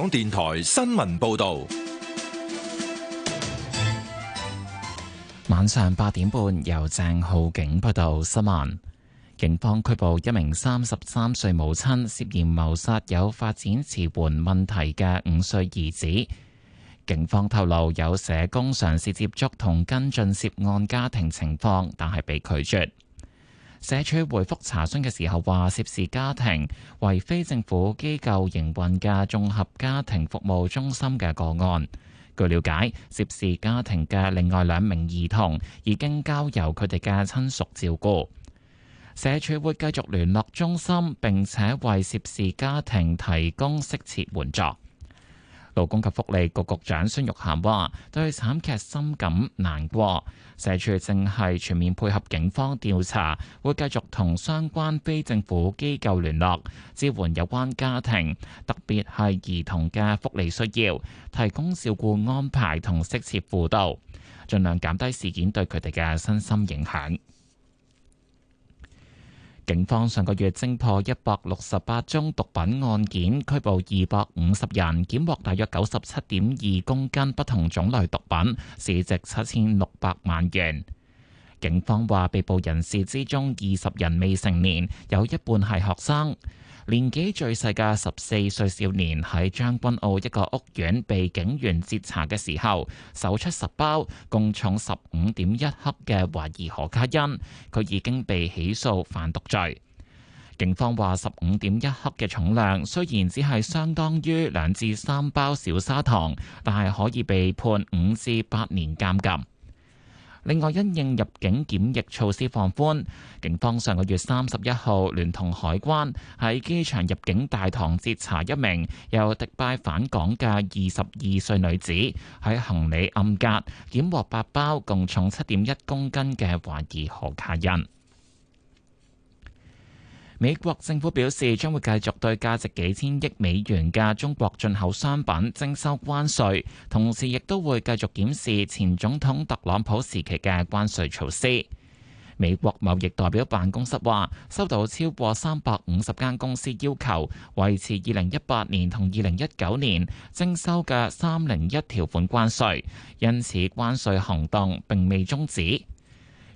港電台新聞報道：晚上八點半，由鄭浩景報道新聞。警方拘捕一名三十三歲母親，涉嫌謀殺有發展遲緩問題嘅五歲兒子。警方透露，有社工嘗試接觸同跟進涉案家庭情況，但係被拒絕。社署回覆查詢嘅時候話，涉事家庭為非政府機構營運嘅綜合家庭服務中心嘅個案。據了解，涉事家庭嘅另外兩名兒童已經交由佢哋嘅親屬照顧。社署會繼續聯絡中心，並且為涉事家庭提供適切援助。勞工及福利局局長孫玉菡話，哦，對慘劇深感難過，社署正係全面配合警方調查，會繼續同相關非政府機構聯絡，支援有關家庭，特別係兒童嘅福利需要，提供照顧安排同適切輔導，盡量減低事件對佢哋嘅身心影響。警方上個月偵破一百六十八宗毒品案件，拘捕二百五十人，檢獲大約九十七點二公斤不同種類毒品，市值七千六百萬元。警方話被捕人士之中，二十人未成年，有一半係學生。年紀最細嘅十四歲少年喺將軍澳一個屋苑被警員截查嘅時候，搜出十包共重十五點一克嘅懷疑可卡因，佢已經被起訴販毒罪。警方話，十五點一克嘅重量雖然只係相當於兩至三包小砂糖，但係可以被判五至八年監禁。另外，因應入境檢疫措施放寬，警方上個月三十一號聯同海關喺機場入境大堂截查一名由迪拜返港嘅二十二歲女子，喺行李暗格檢獲八包共重七點一公斤嘅懷疑可卡因。美國政府表示將會繼續對價值幾千億美元嘅中國進口商品徵收關稅，同時亦都會繼續檢視前總統特朗普時期嘅關稅措施。美國貿易代表辦公室話，收到超過三百五十間公司要求維持二零一八年同二零一九年徵收嘅三零一條款關稅，因此關稅行動並未終止。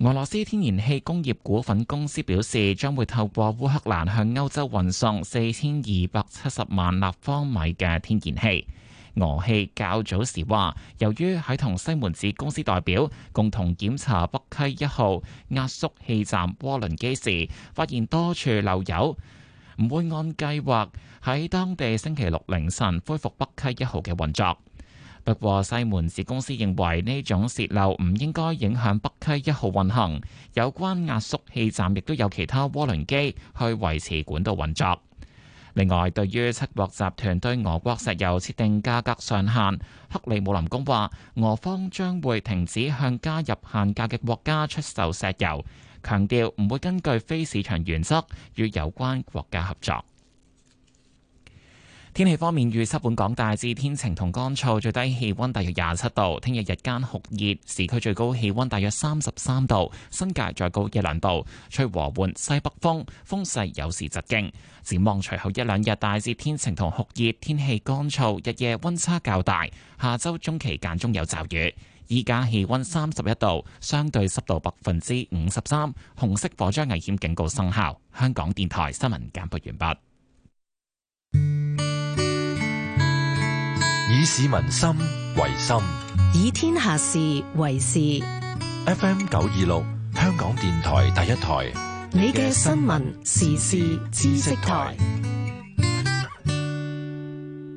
俄羅斯天然氣工業股份公司表示，將會透過烏克蘭向歐洲運送四千二百七十萬立方米嘅天然氣。俄氣較早時話，由於喺同西門子公司代表共同檢查北溪一號壓縮氣站渦輪機時，發現多處漏油，唔會按計劃喺當地星期六凌晨恢復北溪一號嘅運作。不過西門子公司認為呢種洩漏唔應該影響北溪一號運行。有關壓縮氣站亦都有其他渦輪機去維持管道運作。另外，對於七國集團對俄國石油設定價格上限，克里姆林宮話俄方將會停止向加入限價嘅國家出售石油，強調唔會根據非市場原則與有關國家合作。天氣方面，預測本港大致天晴同乾燥，最低氣温大約廿七度。聽日日間酷熱，市區最高氣温大約三十三度，新界再高一兩度。吹和緩西北風，風勢有時疾勁。展望隨後一兩日，大致天晴同酷熱，天氣乾燥，日夜温差較大。下週中期間中有驟雨。依家氣温三十一度，相對濕度百分之五十三，紅色火災危險警告生效。香港電台新聞簡報完畢。以市民心為心，以天下事為事。FM 九二六，香港電台第一台，你嘅新聞時事知識台。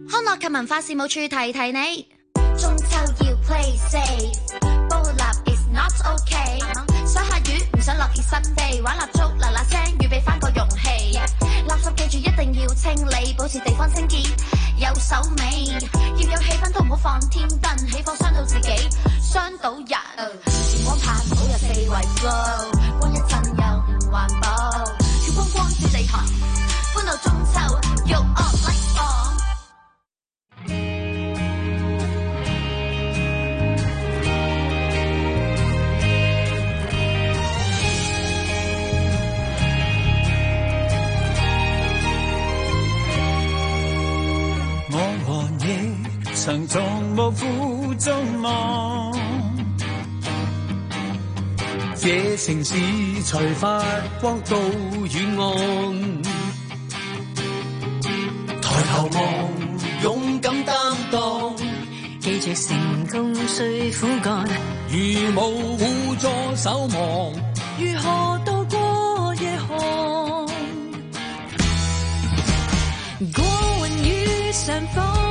康樂及文化事務處提提你。中秋要 play safe，煲蠟 is not okay。想下雨唔想落件身被，玩蠟燭嗱嗱聲，預備返個容器。垃圾記住一定要清理，保持地方清潔。有手尾，要有氣氛都唔好放天燈，起火傷到自己，傷到人。熒光棒好又四圍 Go 光，一陣又唔環保，跳光光照地堂，歡度中秋。You 曾從無負中望，這城市才發光到遠岸。抬頭望，勇敢擔當，記着成功。雖苦幹如無互助守望，如何渡過夜寒？過雲與上風。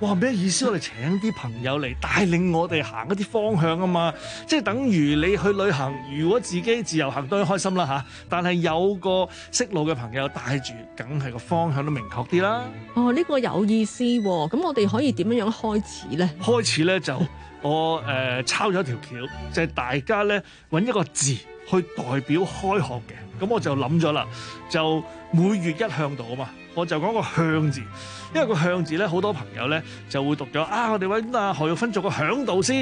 哇！咩意思？我哋請啲朋友嚟帶領我哋行一啲方向啊嘛！即係等於你去旅行，如果自己自由行當然開心啦嚇，但係有個識路嘅朋友帶住，梗係個方向都明確啲啦。哦，呢個有意思喎！咁我哋可以點樣樣開始咧？開始咧就我誒抄咗條橋，就係大家咧揾一個字去代表開學嘅。咁我就諗咗啦，就每月一嚮導啊嘛。我就講個向字，因為個向字咧，好多朋友咧就會讀咗啊！我哋揾啊何耀芬做個響度先，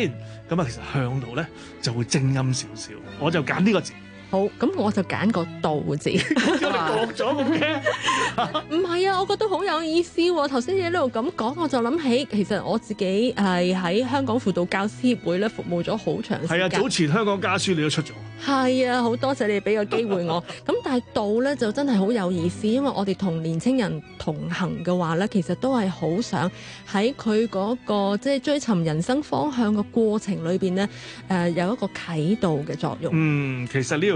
咁啊，其實響度咧就會正音少少，我就揀呢個字。好，咁我就揀個道字。咗咁唔係啊！我覺得好有意思喎、啊。頭先你喺度咁講，我就諗起其實我自己係喺香港輔導教師協會咧服務咗好長時間。係啊，早前香港家書你都出咗。係啊，好多謝你俾個機會我。咁 但係道咧就真係好有意思，因為我哋同年青人同行嘅話咧，其實都係好想喺佢嗰個即係、就是、追尋人生方向嘅過程裏邊咧，誒、呃、有一個啟導嘅作用。嗯，其實呢、呢個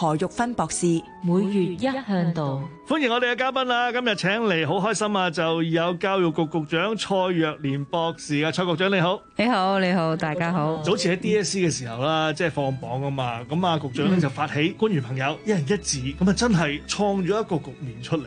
何玉芬博士每月一嚮導，歡迎我哋嘅嘉賓啦，今日請嚟好開心啊！就有教育局局長蔡若蓮博士啊，蔡局長你好，你好你好，大家好。早前喺 D S C 嘅時候啦，嗯、即係放榜啊嘛，咁啊局長咧就發起官員朋友一人一字，咁啊真係創咗一個局面出嚟。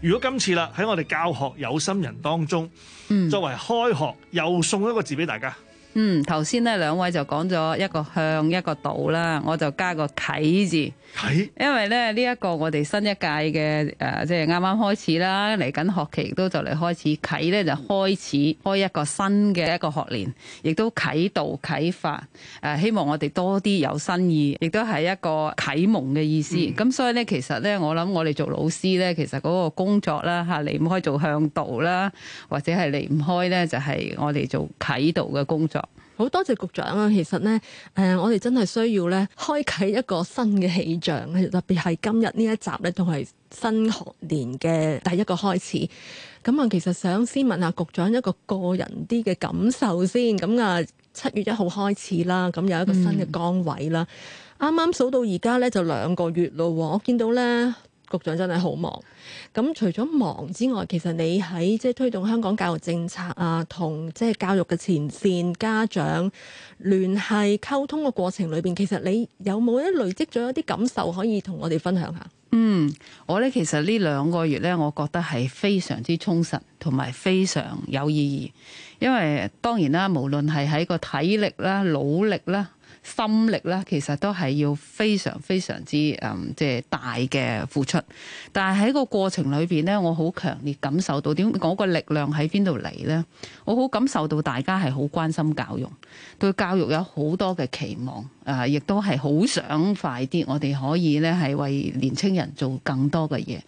如果今次啦，喺我哋教學有心人當中，嗯、作為開學又送一個字俾大家。嗯，頭先咧兩位就講咗一個向一個導啦，我就加個啟字，啟啓，因為咧呢一，這個我哋新一屆嘅誒即係啱啱開始啦，嚟緊學期都就嚟開始啟咧就開始開一個新嘅一個學年，亦都啟導啟發誒希望我哋多啲有新意，亦都係一個啟蒙嘅意思。咁、嗯、所以咧，其實咧我諗我哋做老師咧，其實個工作啦吓離唔開做向導啦，或者係離唔開咧就係、是、我哋做啟導嘅工作。好多謝局長啊！其實呢，誒、呃，我哋真係需要咧，開啟一個新嘅氣象，特別係今日呢一集咧，都係新學年嘅第一個開始。咁、嗯、啊，嗯、其實想先問下局長一個個人啲嘅感受先。咁、嗯、啊，七月一號開始啦，咁、嗯、有一個新嘅崗位啦。啱啱數到而家呢，就兩個月咯。我見到呢。局長真係好忙，咁除咗忙之外，其實你喺即係推動香港教育政策啊，同即係教育嘅前線家長聯繫溝通嘅過程裏邊，其實你有冇一累積咗一啲感受可以同我哋分享下？嗯，我呢，其實呢兩個月呢，我覺得係非常之充實同埋非常有意義，因為當然啦，無論係喺個體力啦、努力啦。心力咧，其實都係要非常非常之誒，即係大嘅付出。但係喺個過程裏邊咧，我好強烈感受到點，嗰個力量喺邊度嚟咧？我好感受到大家係好關心教育，對教育有好多嘅期望。啊，亦都係好想快啲，我哋可以咧係為年青人做更多嘅嘢，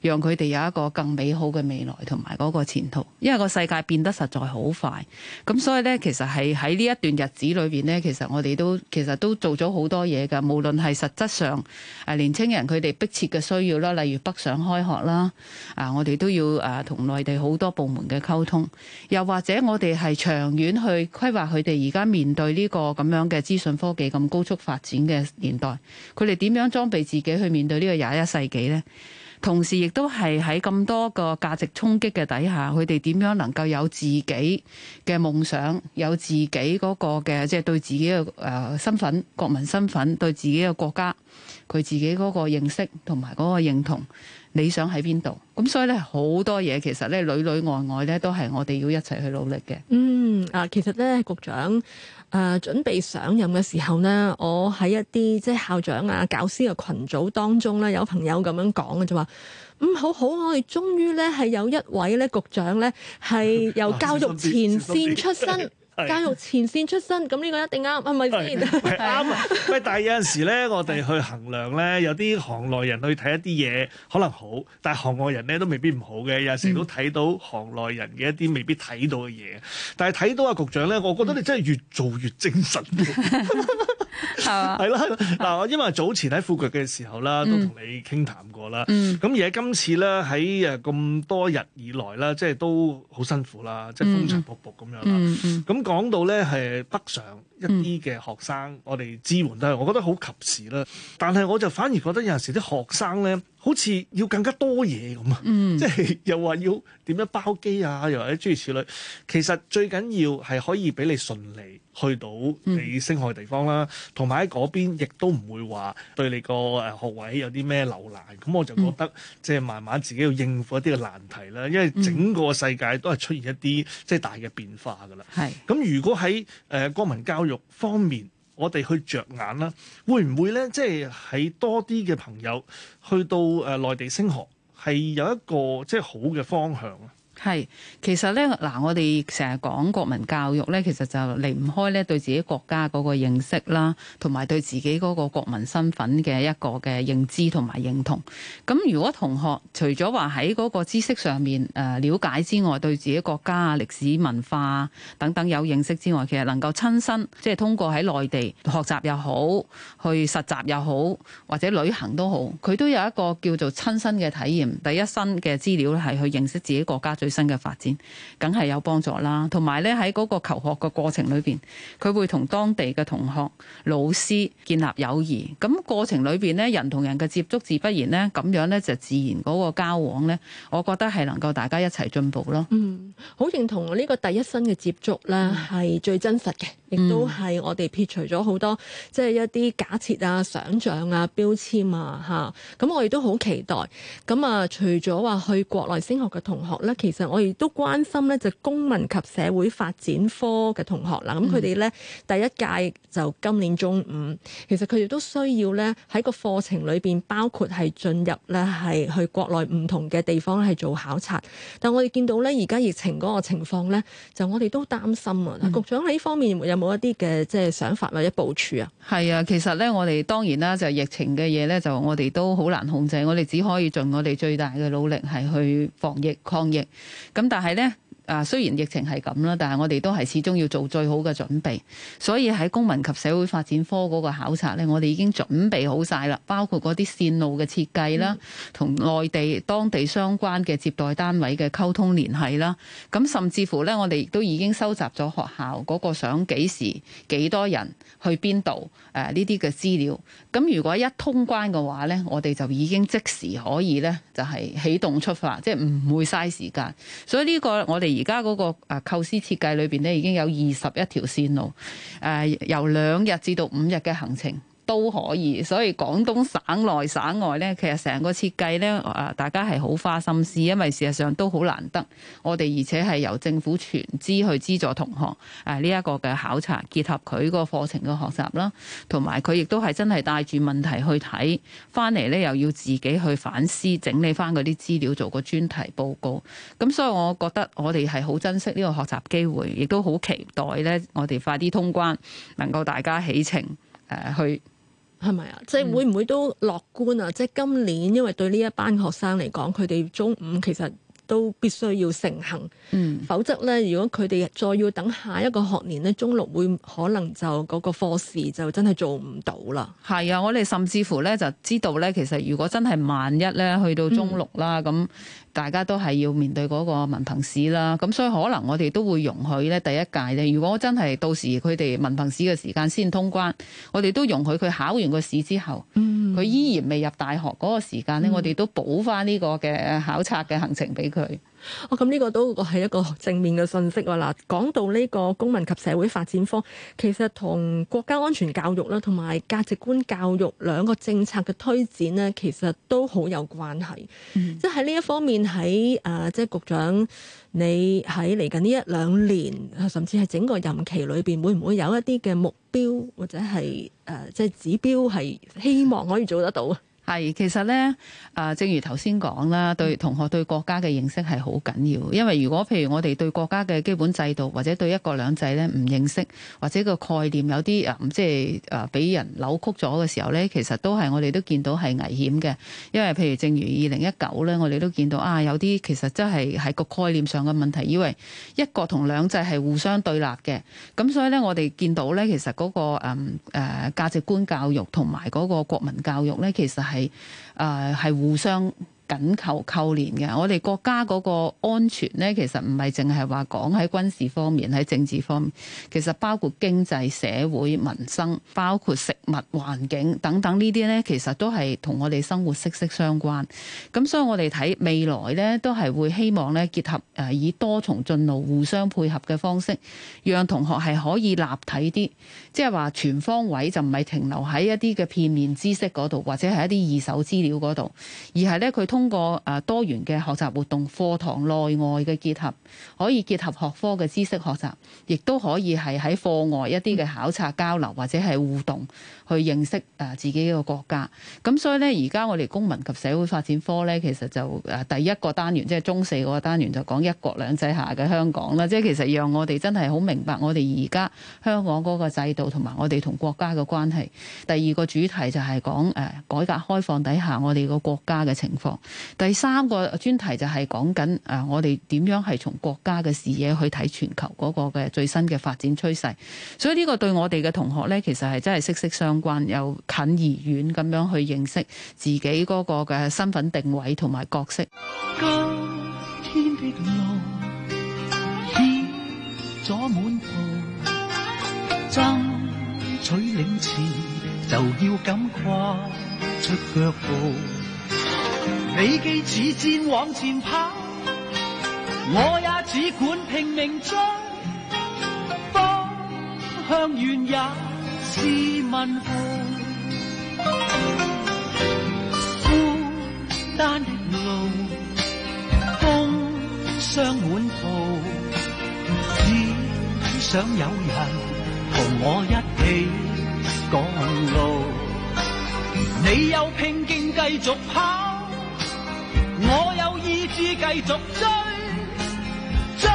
讓佢哋有一個更美好嘅未來同埋嗰個前途。因為個世界變得實在好快，咁所以咧，其實係喺呢一段日子裏邊咧，其實我哋都～其實都做咗好多嘢㗎，無論係實質上，誒、啊、年青人佢哋迫切嘅需要啦，例如北上開學啦，啊，我哋都要誒同內地好多部門嘅溝通，又或者我哋係長遠去規劃佢哋而家面對呢個咁樣嘅資訊科技咁高速發展嘅年代，佢哋點樣裝備自己去面對呢個廿一世紀呢？同時，亦都係喺咁多個價值衝擊嘅底下，佢哋點樣能夠有自己嘅夢想，有自己嗰個嘅即係對自己嘅誒身份、國民身份，對自己嘅國家，佢自己嗰個認識同埋嗰個認同理想喺邊度？咁所以咧，好多嘢其實咧，裏裏外外咧，都係我哋要一齊去努力嘅。嗯啊，其實咧，局長。誒、呃、準備上任嘅時候呢，我喺一啲即係校長啊、教師嘅群組當中呢，有朋友咁樣講嘅就話，嗯，好好，我哋終於呢係有一位呢局長呢，係由教育前線出身。 教育前線出身，咁呢是個一定啱啊？係咪先啱。喂， 但係有陣時咧，我哋去衡量咧，有啲行內人去睇一啲嘢，可能好，但係行外人咧都未必唔好嘅。有陣時都睇到行內人嘅一啲未必睇到嘅嘢。但係睇到啊，局長咧，我覺得你真係越做越精神。 係啊，係啦，嗱，我因為早前喺副局嘅時候啦，都同你傾談過啦，咁、嗯、而家今次咧喺誒咁多日以來啦，即係都好辛苦啦，即係風塵仆僕咁樣啦，咁講、嗯嗯嗯、到咧係北上。嗯、一啲嘅學生，我哋支援都係我覺得好及時啦。但係我就反而覺得有陣時啲學生咧，好似要更加多嘢咁啊，嗯、即係又話要點樣包機啊，又或者諸如此類，其實最緊要係可以俾你順利去到你升學嘅地方啦，同埋喺嗰邊亦都唔會話對你個誒學位有啲咩留難，咁我就覺得即係慢慢自己要應付一啲嘅難題啦，因為整個世界都係出現一啲即係大嘅變化㗎啦。咁、嗯、如果喺誒、呃、國民教育，方面，我哋去着眼啦，會唔會咧？即係喺多啲嘅朋友去到誒、呃、內地升學，係有一個即係好嘅方向？係，其實咧嗱，我哋成日講國民教育咧，其實就離唔開咧對自己國家嗰個認識啦，同埋對自己嗰個國民身份嘅一個嘅認知同埋認同。咁、嗯、如果同學除咗話喺嗰個知識上面誒瞭、呃、解之外，對自己國家啊歷史文化等等有認識之外，其實能夠親身，即係通過喺內地學習又好，去實習又好，或者旅行都好，佢都有一個叫做親身嘅體驗，第一身嘅資料咧係去認識自己國家最新嘅發展梗係有幫助啦，同埋咧喺嗰個求學嘅過程裏邊，佢會同當地嘅同學老師建立友誼，咁過程裏邊咧，人同人嘅接觸自不然咧咁樣咧就自然嗰個交往咧，我覺得係能夠大家一齊進步咯。嗯，好認同呢、呢個第一身嘅接觸咧，係最真實嘅，亦都係我哋撇除咗好多、嗯、即係一啲假設啊、想象啊、標籤啊吓，咁我亦都好期待。咁啊，除咗話去國內升學嘅同學咧，其實。我亦都關心咧，就公民及社會發展科嘅同學啦，咁佢哋咧第一屆就今年中五，其實佢哋都需要咧喺個課程裏邊包括係進入咧係去國內唔同嘅地方係做考察，但我哋見到咧而家疫情嗰個情況咧，就我哋都擔心啊，局長喺呢方面有冇一啲嘅即係想法或者部署啊？係啊，其實咧我哋當然啦，就疫情嘅嘢咧，就我哋都好難控制，我哋只可以盡我哋最大嘅努力係去防疫抗疫。咁但係咧。啊，雖然疫情係咁啦，但係我哋都係始終要做最好嘅準備。所以喺公民及社會發展科嗰個考察咧，我哋已經準備好晒啦，包括嗰啲線路嘅設計啦，同內地當地相關嘅接待單位嘅溝通聯繫啦。咁甚至乎咧，我哋亦都已經收集咗學校嗰個想幾時幾多人去邊度誒呢啲嘅資料。咁如果一通關嘅話咧，我哋就已經即時可以咧，就係啟動出發，即係唔會嘥時間。所以呢個我哋。而家嗰個誒構思設計裏邊咧，已經有二十一條線路，誒、呃、由兩日至到五日嘅行程。都可以，所以廣東省內省外呢，其實成個設計呢，啊，大家係好花心思，因為事實上都好難得。我哋而且係由政府全資去資助同學，誒呢一個嘅考察，結合佢個課程嘅學習啦，同埋佢亦都係真係帶住問題去睇，翻嚟，咧又要自己去反思、整理翻嗰啲資料，做個專題報告。咁所以，我覺得我哋係好珍惜呢個學習機會，亦都好期待咧，我哋快啲通關，能夠大家起程誒、呃、去。係咪啊？即係會唔會都樂觀啊？即係今年，因為對呢一班學生嚟講，佢哋中五其實都必須要成行，嗯、否則呢，如果佢哋再要等下一個學年呢，中六會可能就嗰個課時就真係做唔到啦。係啊，我哋甚至乎呢就知道呢，其實如果真係萬一呢去到中六啦咁，嗯大家都係要面對嗰個文憑試啦，咁所以可能我哋都會容許咧第一屆啫。如果真係到時佢哋文憑試嘅時間先通關，我哋都容許佢考完個試之後，佢依然未入大學嗰個時間咧，我哋都補翻呢個嘅考察嘅行程俾佢。我咁呢個都係一個正面嘅信息啦。講到呢個公民及社會發展科，其實同國家安全教育啦，同埋價值觀教育兩個政策嘅推展呢，其實都好有關係。嗯、即係喺呢一方面，喺誒、呃，即係局長，你喺嚟緊呢一兩年，甚至係整個任期裏邊，會唔會有一啲嘅目標或者係誒、呃，即係指標，係希望可以做得到？係，其實咧，啊、呃，正如頭先講啦，對同學對國家嘅認識係好緊要，因為如果譬如我哋對國家嘅基本制度或者對一國兩制咧唔認識，或者個概念有啲啊、嗯，即係啊俾人扭曲咗嘅時候咧，其實都係我哋都見到係危險嘅，因為譬如正如二零一九咧，我哋都見到啊，有啲其實真係喺個概念上嘅問題，以為一國同兩制係互相對立嘅，咁所以咧我哋見到咧，其實嗰、嗰個嗯誒價、啊、值觀教育同埋嗰個國民教育咧，其實係。誒，係互相緊扣扣連嘅，我哋國家嗰個安全呢，其實唔係淨係話講喺軍事方面，喺政治方面，其實包括經濟、社會、民生，包括食物、環境等等呢啲呢，其實都係同我哋生活息息相關。咁所以我哋睇未來呢，都係會希望呢，結合誒以多重進路互相配合嘅方式，讓同學係可以立體啲，即係話全方位，就唔係停留喺一啲嘅片面知識嗰度，或者係一啲二手資料嗰度，而係呢，佢通通過誒多元嘅學習活動、課堂內外嘅結合，可以結合學科嘅知識學習，亦都可以係喺課外一啲嘅考察交流或者係互動，去認識誒自己個國家。咁所以呢，而家我哋公民及社會發展科呢，其實就誒第一個單元即係中四嗰個單元就講一國兩制下嘅香港啦，即係其實讓我哋真係好明白我哋而家香港嗰個制度同埋我哋同國家嘅關係。第二個主題就係講誒改革開放底下我哋個國家嘅情況。第三個專題就係講緊誒，我哋點樣係從國家嘅視野去睇全球嗰個嘅最新嘅發展趨勢，所以呢個對我哋嘅同學呢，其實係真係息息相關，又近而遠咁樣去認識自己嗰個嘅身份定位同埋角色。今天的路已走滿步，爭取領先就要敢跨出腳步。你既只管往前跑，我也只管拼命追。方向遠也是問號，孤單的路，風霜滿途，只想有人同我一起趕路。你有拼勁繼續跑。只繼續追，追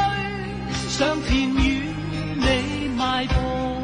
上前與你邁步。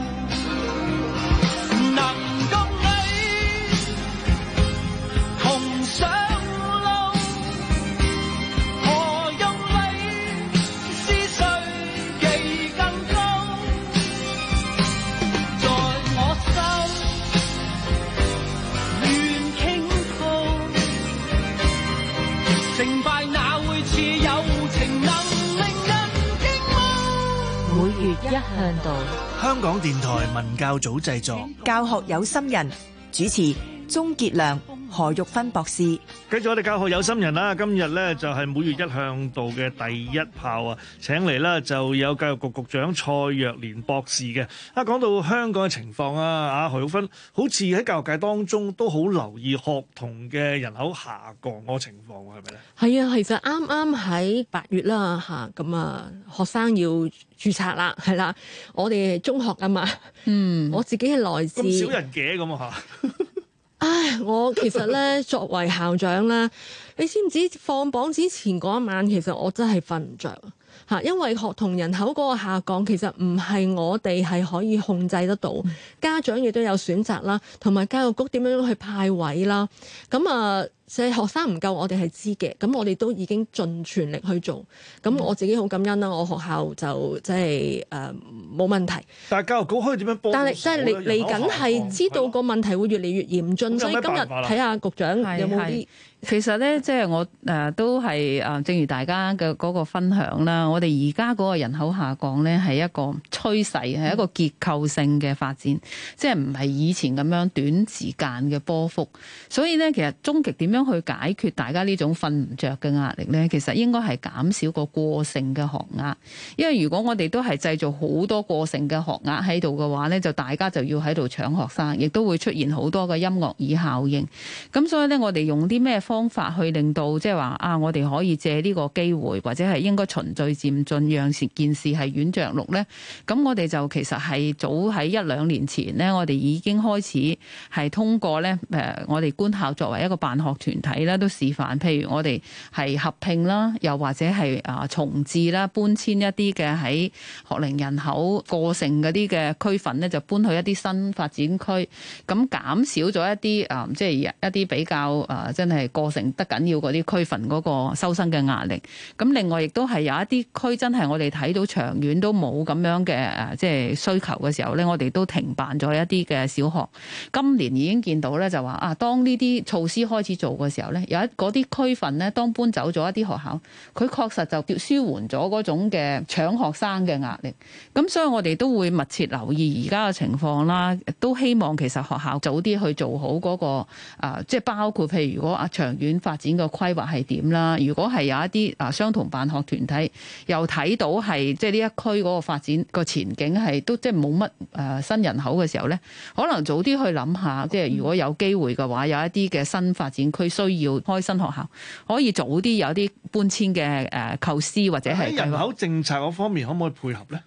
香港電台文教組製作，教學有心人主持鍾傑良。何玉芬博士，繼續我哋教學有心人啦，今日咧就係每月一嚮導嘅第一炮啊！請嚟啦，就有教育局局長蔡若蓮博士嘅。啊，講到香港嘅情況啊，啊何玉芬，好似喺教育界當中都好留意學童嘅人口下降個情況喎，係咪咧？係啊，其實啱啱喺八月啦，嚇咁啊，學生要註冊啦，係啦，我哋係中學啊嘛，嗯，我自己係來自咁少人嘅咁啊嚇。唉，我其實咧作為校長咧，你知唔知放榜之前嗰一晚，其實我真係瞓唔着嚇，因為學童人口嗰個下降其實唔係我哋係可以控制得到，家長亦都有選擇啦，同埋教育局點樣去派位啦，咁啊～即係學生唔夠我哋係知嘅，咁我哋都已經盡全力去做。咁我自己好感恩啦，我學校就即係誒冇問題，但係教育局可以點樣幫？但係即係嚟嚟緊係知道個問題會越嚟越嚴峻，所以今日睇下局長有冇啲。其實咧，即係我誒都係誒正如大家嘅嗰個分享啦，我哋而家嗰個人口下降咧係一個趨勢係一個結構性嘅發展，嗯、即係唔係以前咁樣短時間嘅波幅。所以咧，其實終極點樣。去解決大家呢種瞓唔着嘅壓力咧，其實應該，係減少個過剩嘅學額，因為如果我哋都係製造好多過剩嘅學額喺度嘅話咧，就大家就要喺度搶學生，亦都會出現好多嘅音樂椅效應，咁所以咧，我哋用啲咩方法去令到即係話啊，我哋可以借呢個機會或者係應該循序漸進，讓事件事係軟着陸咧。咁我哋就其實，係早喺一兩年前咧，我哋已經開始係通過咧誒我哋官校作為一個辦學團。團體啦都示範，譬如我哋係合併啦，又或者係啊重置啦，搬遷一啲嘅喺學齡人口過剩嗰啲嘅區份咧，就搬去一啲新發展區，咁減少咗一啲啊，即係一啲比較啊，真係過剩得緊要嗰啲區份嗰個收生嘅壓力。咁另外亦都係有一啲區真係我哋睇到長遠都冇咁樣嘅誒，即係需求嘅時候咧，我哋都停辦咗一啲嘅小學，今年已經見到咧，就話啊，當呢啲措施開始做，嘅時候咧，有一嗰啲區份咧，當搬走咗一啲學校，佢確實就叫舒緩咗嗰種嘅搶學生嘅壓力。咁所以我哋都會密切留意而家嘅情況啦,都希望其實學校早啲去做好嗰個啊，呃，即係包括譬如如果啊長遠發展嘅規劃係點啦。如果係有一啲啊相同辦學團體又睇到係即係呢一區嗰個發展個前景係都即係冇乜誒新人口嘅時候咧，可能早啲去諗下，即係如果有機會嘅話，有一啲嘅新發展區，佢需要開新學校，可以早啲有啲搬遷嘅誒構思或者係人口政策嗰方面可唔可以配合呢？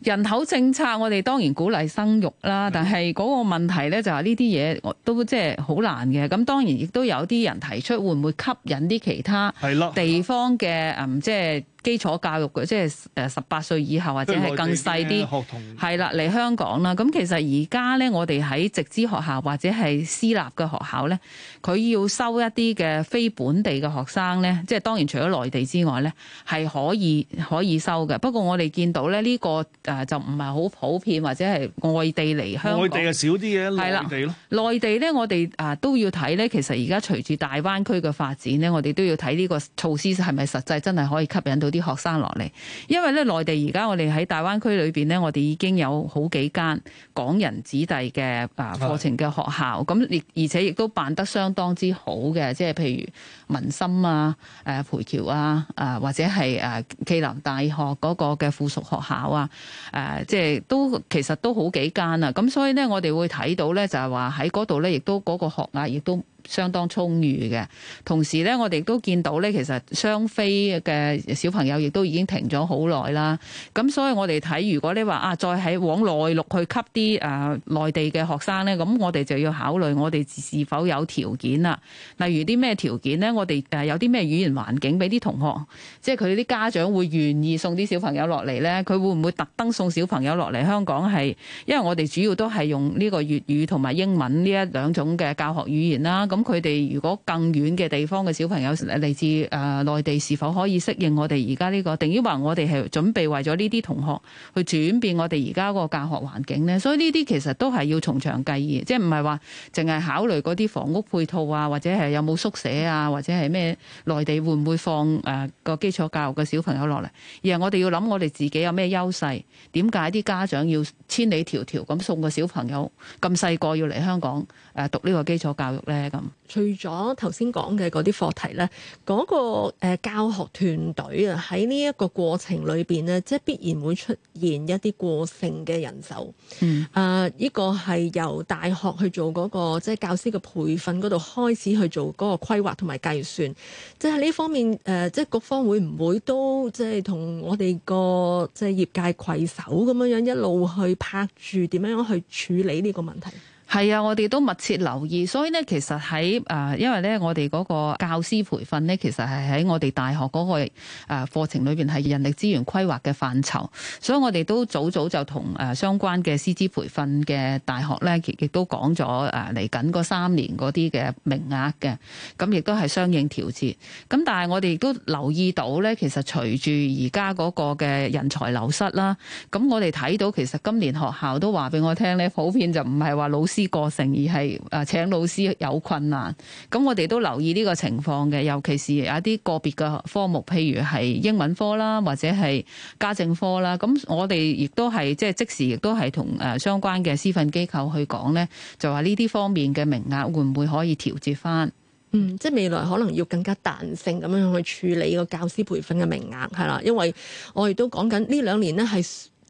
人口政策我哋當然鼓勵生育啦，但係嗰個問題呢，就係呢啲嘢，都即係好難嘅。咁當然亦都有啲人提出會唔會吸引啲其他地方嘅即係。的基礎教育嘅，即係誒十八歲以後或者係更細啲學童，係啦，嚟香港啦。咁其實而家咧，我哋喺直資學校或者係私立嘅學校咧，佢要收一啲嘅非本地嘅學生咧，即係當然除咗內地之外咧，係可以可以收嘅。不過我哋見到咧，呢個誒就唔係好普遍，或者係外地嚟香港，外地係少啲嘅，內地咯。內地咧，我哋啊都要睇咧。其實而家隨住大灣區嘅發展咧，我哋都要睇呢個措施係咪實際真係可以吸引到啲學生落嚟，因為咧，內地而家我哋喺大灣區裏邊咧，我哋已經有好幾間港人子弟嘅啊課程嘅學校，咁亦的而且亦都辦得相當之好嘅，即係譬如民心啊、誒培僑啊、啊或者係誒暨南大學嗰個嘅附屬學校啊，誒、呃、即係都其實都好幾間啊，咁所以咧，我哋會睇到咧，就係話喺嗰度咧，亦都嗰、那個學額亦、啊、都。相當充裕嘅，同時呢，我哋都見到呢，其實雙非嘅小朋友亦都已經停咗好耐啦。咁所以我，我哋睇如果你話啊，再喺往內陸去吸啲誒內地嘅學生呢，咁我哋就要考慮我哋是否有條件啦。例如啲咩條件呢？我哋誒有啲咩語言環境俾啲同學，即係佢啲家長會願意送啲小朋友落嚟呢？佢會唔會特登送小朋友落嚟香港係？因為我哋主要都係用呢個粵語同埋英文呢一兩種嘅教學語言啦。咁佢哋如果更遠嘅地方嘅小朋友嚟，自誒內地，是否可以適應我哋而家呢個？定於話我哋係準備為咗呢啲同學去轉變我哋而家個教學環境咧？所以呢啲其實都係要從長計議，即係唔係話淨係考慮嗰啲房屋配套啊，或者係有冇宿舍啊，或者係咩內地會唔會放誒個、呃、基礎教育嘅小朋友落嚟？而係我哋要諗我哋自己有咩優勢？點解啲家長要千里迢迢咁送個小朋友咁細個要嚟香港誒、呃、讀呢個基礎教育咧？咁？除咗頭先講嘅嗰啲課題咧，嗰個，誒，教學團隊啊，喺呢一個過程裏邊咧，即係必然會出現一啲過剩嘅人手。嗯，啊，呃，呢個係由大學去做嗰個即係教師嘅培訓嗰度開始去做嗰個規劃同埋計算，即係呢方面誒，呃，即係各方會唔會都即係同我哋個即係業界攜手咁樣樣一路去拍住點樣樣去處理呢個問題？係啊，我哋都密切留意，所以、呃、呢，呢，其實喺誒，因為咧，我哋嗰個教師培訓呢，其實係喺我哋大學嗰個誒課程裏邊係人力資源規劃嘅範疇，所以我哋都早早就同誒相關嘅師資培訓嘅大學咧，亦都講咗誒嚟緊嗰三年嗰啲嘅名額嘅，咁亦都係相應調節。咁但係我哋亦都留意到呢，其實隨住而家嗰個嘅人才流失啦，咁我哋睇到其實今年學校都話俾我聽呢，普遍就唔係話老師。啲過程而係誒，請老師有困難，咁我哋都留意呢個情況嘅，尤其是有一啲個別嘅科目，譬如係英文科啦，或者係家政科啦，咁我哋亦都係即係即時亦都係同誒相關嘅私訓機構去講呢，就話呢啲方面嘅名額會唔會可以調節翻？嗯，即係未來可能要更加彈性咁樣去處理個教師培訓嘅名額係啦，因為我亦都講緊呢兩年呢係。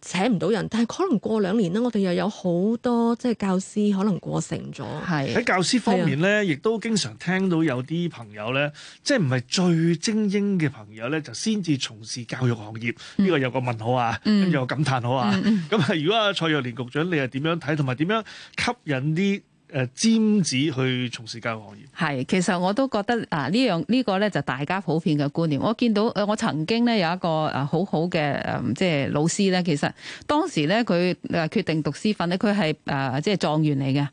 請唔到人，但係可能過兩年咧，我哋又有好多即係教師可能過剩咗。係喺教師方面咧，的亦都經常聽到有啲朋友咧，即係唔係最精英嘅朋友咧，就先至從事教育行業。呢、嗯、個有個問號啊，跟住我感嘆號啊。咁啊、嗯，如果阿蔡若蓮局長，你係點樣睇，同埋點樣吸引啲？誒，尖、呃、子去從事教育行業係， 其實我都覺得嗱，呢樣呢個咧、這個、就大家普遍嘅觀念。我見到誒，我曾經咧有一個誒好好嘅誒，即、呃、係老師咧。其實當時咧，佢誒決定讀師訓咧，佢係誒即係狀元嚟嘅。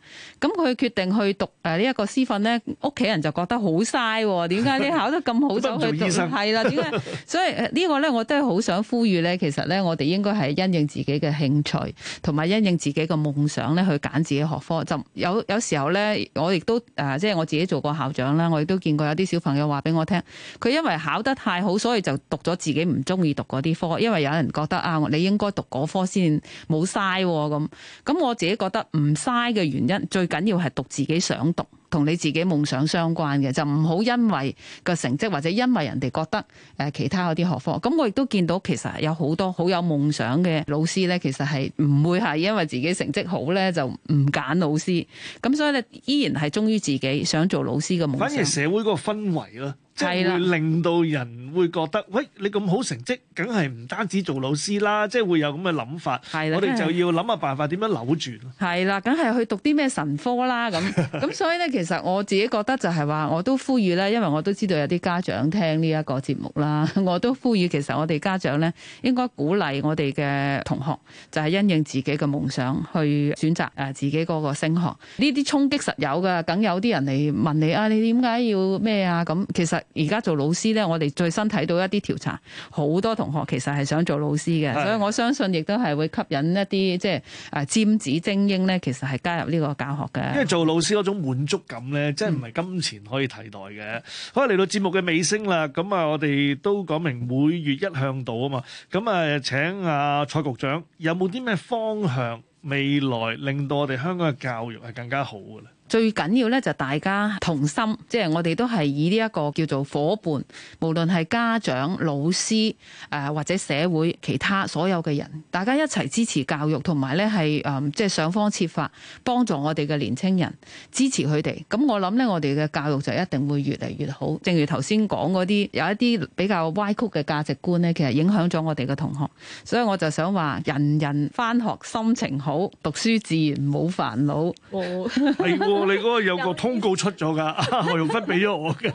咁佢決定去讀誒呢一個師訓咧，屋企人就覺得好嘥喎。點解你考得咁好就去讀？係啦， 點解？ 所以個呢個咧，我都係好想呼籲咧。其實咧，我哋應該係因應，因應自己嘅興趣，同埋因應自己嘅夢想咧，去揀自己學科就有。有時候咧，我亦都誒、呃，即係我自己做過校長啦，我亦都見過有啲小朋友話俾我聽，佢因為考得太好，所以就讀咗自己唔中意讀嗰啲科，因為有人覺得啊，你應該讀嗰科先冇嘥喎咁。咁、哦、我自己覺得唔嘥嘅原因，最緊要係讀自己想讀。同你自己夢想相關嘅，就唔好因為個成績或者因為人哋覺得誒其他嗰啲學科，咁我亦都見到其實有好多好有夢想嘅老師呢，其實係唔會係因為自己成績好呢就唔揀老師，咁所以呢，依然係忠於自己想做老師嘅夢想。反而社會嗰個氛圍啦。即係會令到人會覺得，喂，你咁好成績，梗係唔單止做老師啦，即係會有咁嘅諗法。的我哋就要諗下辦法，點樣扭轉？係啦，梗係去讀啲咩神科啦咁。咁 所以咧，其實我自己覺得就係話，我都呼籲咧，因為我都知道有啲家長聽呢一個節目啦，我都呼籲，其實我哋家長咧，應該鼓勵我哋嘅同學，就係因應自己嘅夢想去選擇誒自己嗰個升學。呢啲衝擊實有噶，梗有啲人嚟問你啊，你點解要咩啊？咁其實。而家做老師咧，我哋最新睇到一啲調查，好多同學其實係想做老師嘅，的所以我相信亦都係會吸引一啲即係誒、啊、尖子精英咧，其實係加入呢個教學嘅。因為做老師嗰種滿足感咧，即係唔係金錢可以替代嘅。嗯、好，嚟到節目嘅尾聲啦，咁啊，我哋都講明每月一向度啊嘛，咁啊，請阿蔡局長有冇啲咩方向未來令到我哋香港嘅教育係更加好嘅咧？最緊要咧就大家同心，即係我哋都係以呢一個叫做伙伴，無論係家長、老師，誒、呃、或者社會其他所有嘅人，大家一齊支持教育，同埋咧係誒即係想方設法幫助我哋嘅年青人，支持佢哋。咁我諗咧，我哋嘅教育就一定會越嚟越好。正如頭先講嗰啲有一啲比較歪曲嘅價值觀咧，其實影響咗我哋嘅同學，所以我就想話，人人返學心情好，讀書自然冇煩惱。哦，係喎。 我哋嗰個有個通告出咗㗎，何玉芬俾咗我㗎。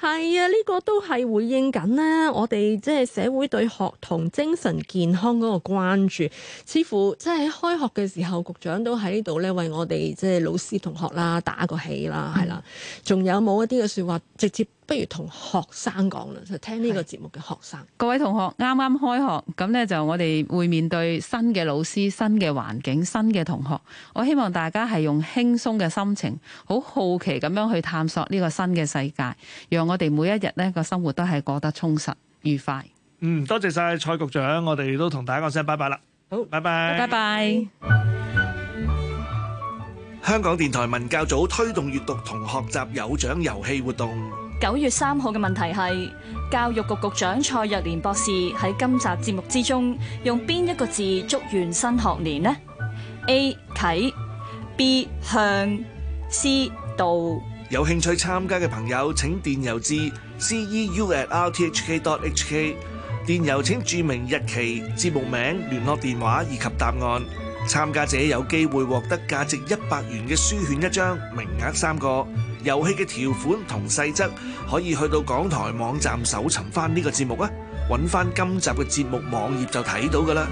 係啊，呢個都係回應緊呢。我哋即係社會對學童精神健康嗰個關注，似乎即係喺開學嘅時候，局長都喺度咧為我哋即係老師同學啦打個氣啦，係啦。仲有冇一啲嘅説話直接？不如同學生講啦，就聽呢個節目嘅學生。各位同學，啱啱開學，咁呢就我哋會面對新嘅老師、新嘅環境、新嘅同學。我希望大家係用輕鬆嘅心情，好好奇咁樣去探索呢個新嘅世界，讓我哋每一日呢個生活都係過得充實愉快。嗯，多謝晒蔡局長，我哋都同大家講聲拜拜啦。好，拜拜，拜拜。香港電台文教組推動閱讀同學習有獎遊戲活動。九月三號嘅問題係，教育局局長蔡若蓮博士喺今集節目之中用邊一個字祝願新學年呢？A 啟，B 向，C 導。有興趣參加嘅朋友，請電郵至 ceu@rthk.hk，電郵請注明日期、節目名、聯絡電話以及答案。參加者有機會獲得價值一百元嘅書券一張，名額三個。遊戲嘅條款同細則可以去到港台網站搜尋翻呢個節目啊，揾翻今集嘅節目網頁就睇到㗎啦。